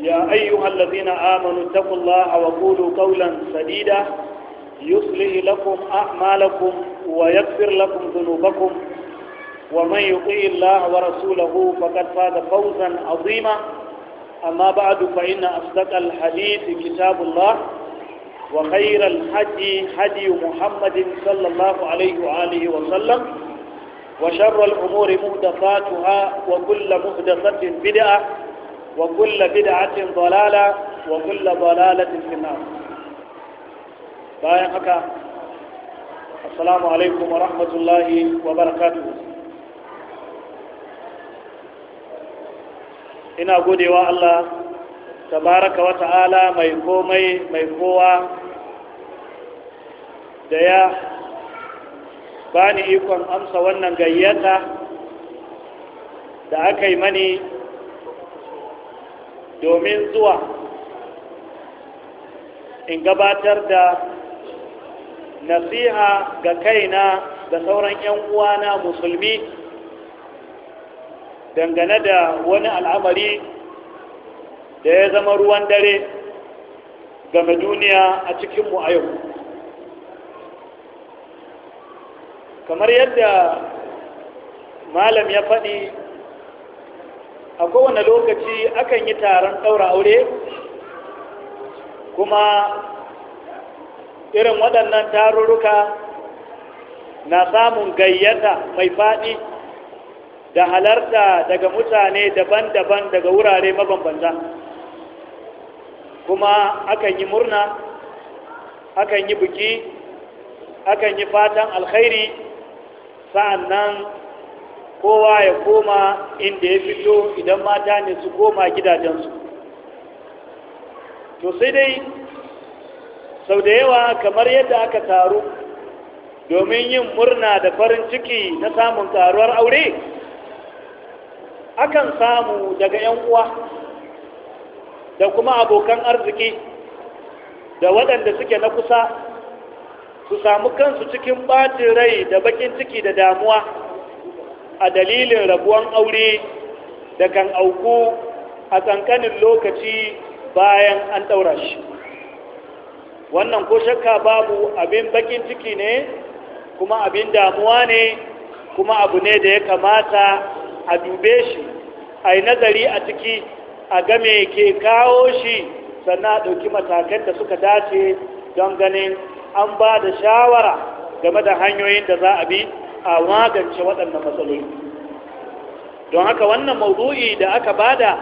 يا أيها الذين آمنوا اتقوا الله وقولوا قولا سديدا يصلح لكم أعمالكم ويغفر لكم ذنوبكم ومن يطيع الله ورسوله فقد فاز فوزا عظيما أما بعد فإن أصدق الحديث كتاب الله وخير الحج هدي محمد صلى الله عليه وآله وسلم وشر الأمور مهدفاتها وكل مهدفة بدعة وكل بدعة ضلالة وكل ضلالة في النار bayan haka assalamu alaikum wa rahmatullahi wa barakatuhu ina godewa Allah tabaraka wa ta'ala mai komai mai kowa da ya bani ikon amsa wannan gayyata da aka yi mani domin zuwa in gabatar da nasiha ga kaina da sauran 'yan uwana musulmi dangane da wani al'amari da ya zama ruwan dare game duniya a cikinmu a yau kamar yadda malam ya faɗi a kowane lokaci akan yi taron ɗaura aure kuma irin waɗannan tarurruka na samun gayyata mai faɗi da halarta daga mutane daban-daban daga wurare mabambanta kuma akan yi murna akan yi buki akan yi fatan alkhairi sa'an nan. kowa ya koma inda ya fito idan mata ne su koma gidajensu to sai dai sau da yawa kamar yadda aka taru domin yin murna da farin ciki na samun taruwar aure akan samu daga 'yan uwa da kuma abokan arziki da waɗanda suke na kusa su samu kansu cikin ɓacin rai da bakin ciki da damuwa a dalilin rabuwan aure da kan auku a tsankanin lokaci bayan an ɗaura shi wannan ko shakka babu abin bakin ciki ne kuma abin damuwa ne kuma abu ne da ya kamata a dube shi a yi nazari a ciki a game ke kawo shi sannan ɗauki matakan da suka dace don ganin an ba da shawara game da hanyoyin da za a bi a magance waɗannan matsaloli don haka wannan maudu'i da aka bada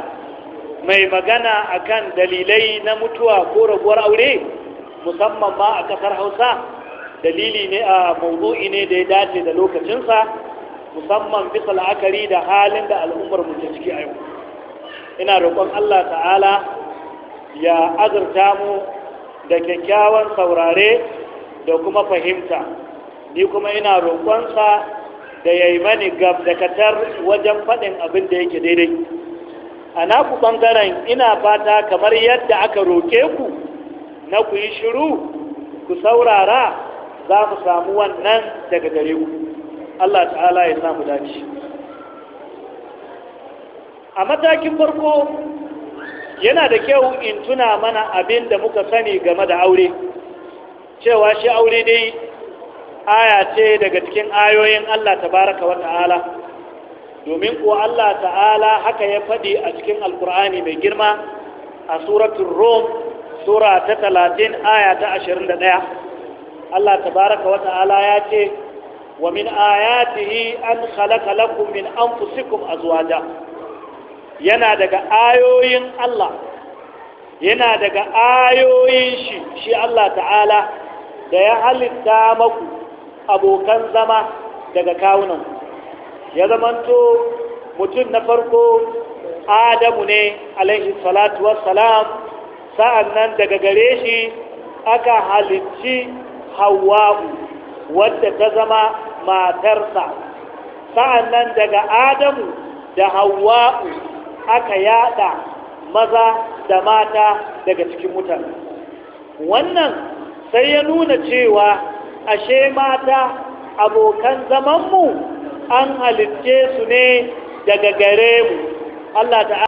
mai magana akan dalilai na mutuwa ko raguwar aure musamman ma a ƙasar hausa dalili ne a maudu'i ne da ya dace da lokacinsa musamman bisa la'akari da halin da al'ummar mu ta ciki a yau ina roƙon allah ta'ala ya azurta mu da kyakkyawan saurare da kuma fahimta ni kuma ina roƙonsa da ya yi mani gab da katar wajen faɗin abin da yake daidai a naku ɓangaren ina fata kamar yadda aka roƙe ku na ku yi shiru ku saurara za mu samu wannan daga gare ku Allah ta'ala ya samu dace a matakin farko yana da kyau in tuna mana abin da muka sani game da aure cewa shi aure dai aya ce daga cikin ayoyin Allah tabaraka wa ta'ala domin kuwa Allah ta'ala haka ya faɗi a cikin alkur'ani mai girma a suratul rom sura ta talatin aya ta ashirin da ɗaya Allah tabaraka wa ta'ala ya ce wa min ayatihi an khalaqa lakum min anfusikum azwaja yana daga ayoyin Allah yana daga ayoyin shi shi Allah ta'ala da ya halitta maku abokan zama daga kawunan ya zamanto mutum na farko adamu ne alaihi salatu wassalam sa'an nan daga gare shi aka halicci hawa'u wadda ta zama matarsa sa'an nan daga adamu da hawa'u aka yada maza da mata daga cikin mutane wannan sai ya nuna cewa ashe mata abokan zamanmu an halitte su ne daga gare mu Allah ta